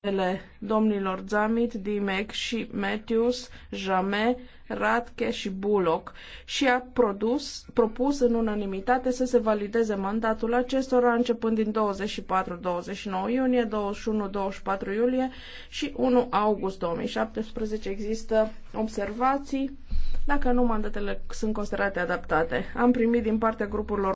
numele domnilor Zamit, Dimec și Matthews, Jame, Radke și Bullock și a produs, propus în unanimitate să se valideze mandatul acestora începând din 24-29 iunie, 21-24 iulie și 1 august 2017. Există observații dacă nu mandatele sunt considerate adaptate. Am primit din partea grupurilor